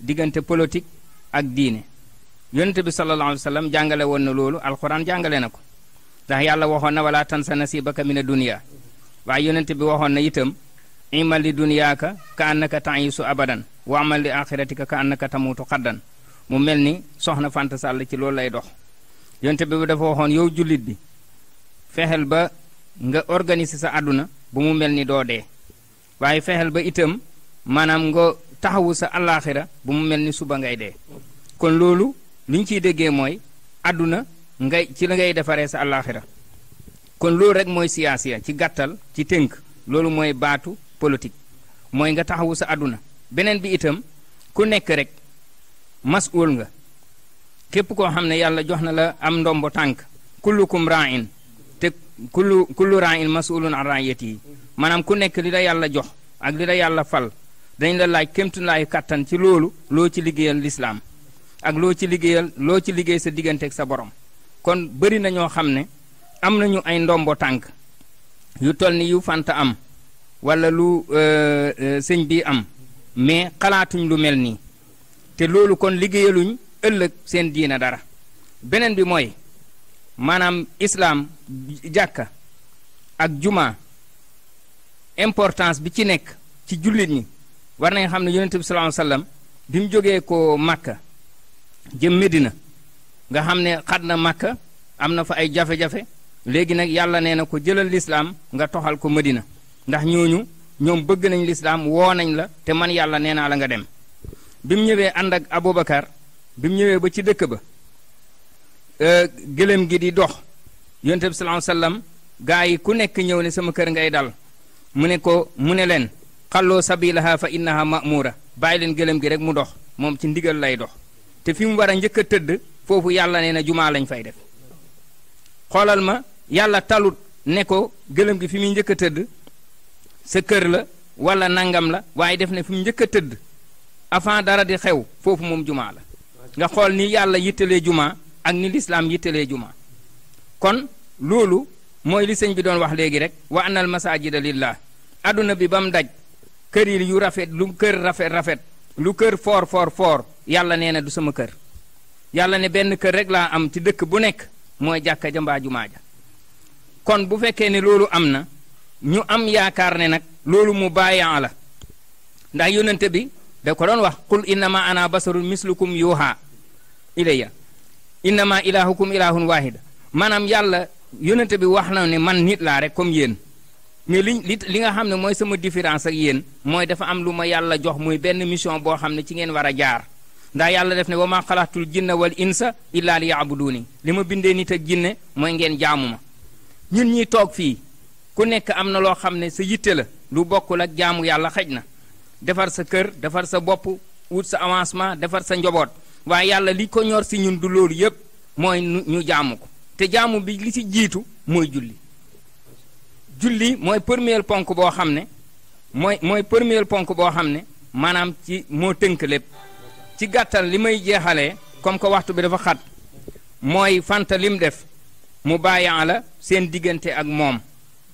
diggante politique ak diine yonente bi sallallahu alayhi wa sallam jàngale woon na loolu alquran jàngale na ko ndax yàlla waxoon na wala tansa nasibaka mina dunya waaye yonente bi waxoon na itam imal di dunyaaka ka annaka taisu abadan wa amal li axiratika ka annaka tamutu xaddan mu mel ni soxna Fanta Sall ci loolu lay dox yonte bi dafa waxon yow julit bi fexel ba nga organiser sa aduna bu mu melni ni de waye fexel ba itam manam nga taxawu sa alakhira bu mu melni ni suba ngay de kon lolu liñ ci déggee moy aduna ngay ci la ngay defaree sa alakhira kon lolu rek moy siyasiya ci gatal ci tënk lolu moy batu politique moy nga taxawu sa aduna benen bi itam ku nek rek masul nga képp koo xam ne yàlla jox na la am ndombo tànk kullukum ra'in te kullu kullu ra'in mas'ulun an ra'iyatihi maanaam ku nekk li la yàlla jox ak li la yàlla fal dañ la laaj kémtulaayu kàttan ci loolu loo ci liggéeyal lislaam ak loo ci liggéeyal loo ci liggéey sa digganteeg sa borom kon bëri na ñoo xam ne am nañu ay ndombo tànk yu toll ni yu fanta am wala lu euh, euh, sëñ bi am mais xalaatuñ lu mel ni te loolu kon liggéeyaluñ ëllëg seen diina dara beneen bi mooy maanaam islaam jàkka ak juma importance bi ci nekk ci jullit ñi war nañ xam ne yonente bi sallallahu bi mu jógee ko màkka jëm Medina nga xam ne xat na màkka am na fa ay jafe-jafe léegi nag yàlla nee na ko jëlal lislaam nga toxal ko Medina ndax ñooñu ñoom bëgg nañ lislaam woo nañ la te man yàlla nee naa la nga dem bi mu ñëwee ànd ak bi mu ñëwee ba ci dëkk ba e, gëléem gi di dox yonte bi sallallahu alayhi gaa yi ku nekk ñëw ne sama kër ngay dal mu ne ko mu ne leen xalloo sabilaha fa innaha mamuura bàyyi leen gëlëm gi rek mu dox moom ci ndigal lay dox te fi mu war a njëkk a tëdd foofu yàlla nee na jumaa lañ fay def xoolal ma yàlla talut ne ko gëlëm gi fi muy njëkk a tëdd sa kër la wala nangam la waaye def ne fi mu njëkk a tëdd avant dara di xew foofu moom jumaa la nga xool ni yàlla yittalee juma ak ni lislaam yittalee juma kon loolu mooy li sëñ bi doon wax léegi rek wa anal masajida lillah adduna bi ba mu daj kër yi yu rafet lu kër rafet rafet lu kër foor foor foor yàlla nee na du sama kër yàlla ne benn kër rek laa am ci dëkk bu nekk mooy jàkka ja mbaa jumaa ja kon bu fekkee ne loolu am na ñu am yaakaar ne nag loolu mu bàyyaa la ndax yónnante bi da ko doon wax qul innama ana basarun mislukum yuuhaa ilayya innama ilahukum ilahun wahid maanaam yàlla yónnente bi wax na ne man nit laa rek comme yéen mais li li nga xam ne mooy sama différence ak yéen mooy dafa am lu ma yàlla jox muy benn mission boo xam ne ci ngeen war a jaar ndax yàlla def ne wa maa xalaqtul jinna wal insa illa li ni li ma bindee nit ak jinne mooy ngeen jaamu ma ñun ñuy toog fii ku nekk am na loo xam ne sa yitte la lu bokkul ak jaamu yàlla xaj na defar sa kër defar sa bopp wut sa avancement defar sa njaboot waaye yàlla li ko ñor si ñun du loolu yëpp mooy ñu jaamu ko te jaamu bi li si jiitu mooy julli julli mooy premier ponk boo xam ne mooy mooy premier ponk boo xam ne maanaam ci moo tënk lépp ci gàttal li may jeexale comme que waxtu bi dafa xat mooy fanta lim def mu bàyyaa la seen diggante ak moom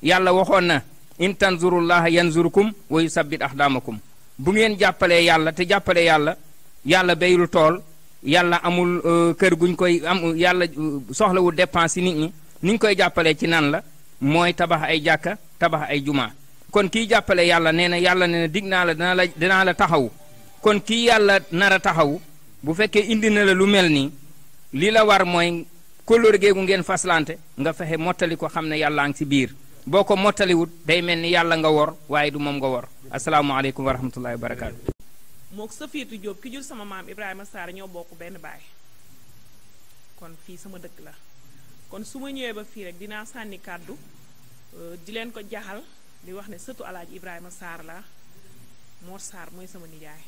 yàlla waxoon na in tanzurullaha yanzurukum wa yusabbit ahdaamakum bu ngeen jàppalee yàlla te jàppale yàlla yàlla béylu tool yàlla amul euh, kër guñ koy am yàlla euh, soxlawul dépense si ni ni ñu koy jàppalee ci nan la mooy tabax ay jàkka tabax ay jumaa kon kii jàppale yàlla nee na yàlla nee na dig naa la dinaa la dinaa la taxaw kon kii yàlla nar a taxaw bu fekkee indi na la lu mel nii lii la war mooy gee geegu ngeen faslante nga fexe mottali ko xam ne yàlla ngi si biir boo ko mottaliwut day mel ni yàlla nga wor waaye du moom nga wor asalaamualeykum wa rahmatullahi wa barakaatu
mook safiitu job ki jur sama Mam ibrahima sar ñoo bokku ben bay kon fi sama dekk la kon suma ñewé ba fi rek sanni kaddu euh di len ko jaxal di wax ne setu alaaj ibrahima sar la mo sar moy sama nijaay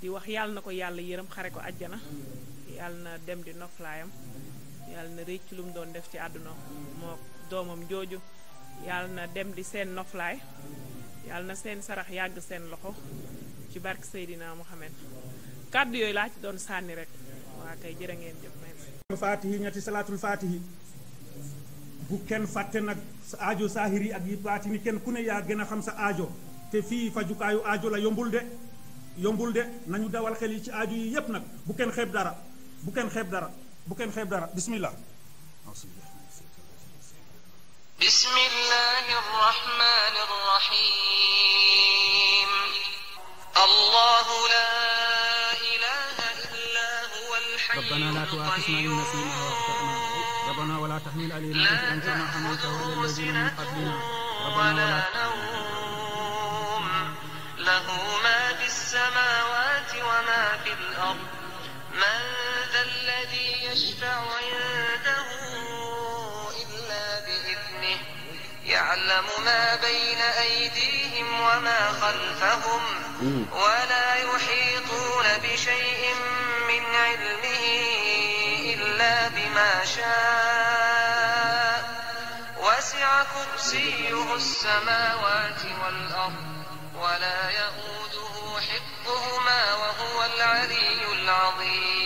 di wax yàlla nako yalla yeeram xare ko aljana na dem di noflayam yàlla na rich lum mu doon def ci aduna mo domam jooju yàlla na dem di sen noflay yàlla na sen sarax yag sen loxo ci barke sayidina Muhammad, kaddu yoy la ci doon sanni rek wa kay jere ngeen jëf merci.
fatihi ñati salatul fatihi bu ken fatte nak aajo sahiri ak yi ni ken ku ne ya gëna xam sa aajo te faju kayu aajo la yombul de yombul de nañu dawal xel yi ci aajo yi yépp nak bu ken xeb dara bu ken xeb dara bu ken xeb dara bismillah
Bismillahirrahmanirrahim. الله لا إله
إلا هو الحي ربنا لا تؤاخذنا إن نسينا وأخطأنا ربنا ولا تحمل علينا إذ أنت ما حملته على الذين من قبلنا ولا
نوم له ما في السماوات وما في الأرض من ذا الذي يشفع عنده يعلم ما بين أيديهم وما خلفهم ولا يحيطون بشيء من علمه إلا بما شاء وسع كرسيه السماوات والأرض ولا يئوده حفظهما وهو العلي العظيم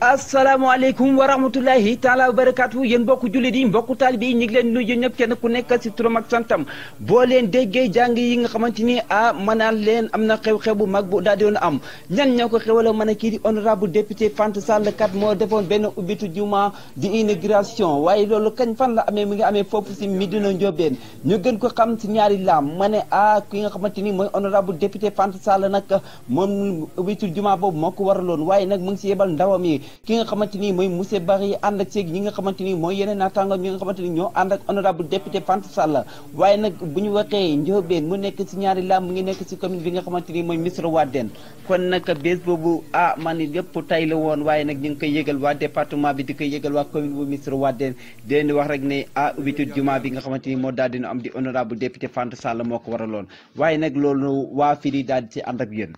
asalaamaaleykum wa rahmatulahi taala wa barakaatu yéen bokk jullit yi mbokku taalibe yi ñu ngi leen nuyu ñëpp kenn ku nekk si turam ak santam boo leen déggee jàng yi nga xamante ni ah mënaan leen am na xew-xew bu mag bu daal di doon am ñan ñoo ko xewaloo mën a kii di honorable député Fanta Sall kat moo defoon benn ubbitu juma di inauguration waaye loolu kañ fan la amee mi ngi amee foofu si Medina Ndiobène ñu gën ko xam si ñaari laam ma ne ah ki nga xamante ni mooy honorable député Fanta Sall nag moom ubbitu jumaa boobu moo ko loon waaye nag mu ngi si yebal ndawam yi ki nga xamante ni mooy monsieur Barry ànd ak seeg ñi nga xamante ni mooy yeneen naataangoom ñi nga xamante ni ñoo ànd ak honorable député Fanta Sall waaye nag bu ñu waxee Ndiobène mu nekk ci ñaari làmb mu ngi nekk si commune bi nga xamante ni mooy Missirah Wadène kon nag bés boobu ah man yëpp tay la woon waaye nag ñu ngi koy yëgal waa département bi di koy yëgal waa commune bu Missirah Wadène di wax rek ne ah huitude juma bi nga xamante ni moo daal dina am di honorable député Fanta Sall moo ko waraloon waaye nag loolu waa firi daal di ci ànd ak yéen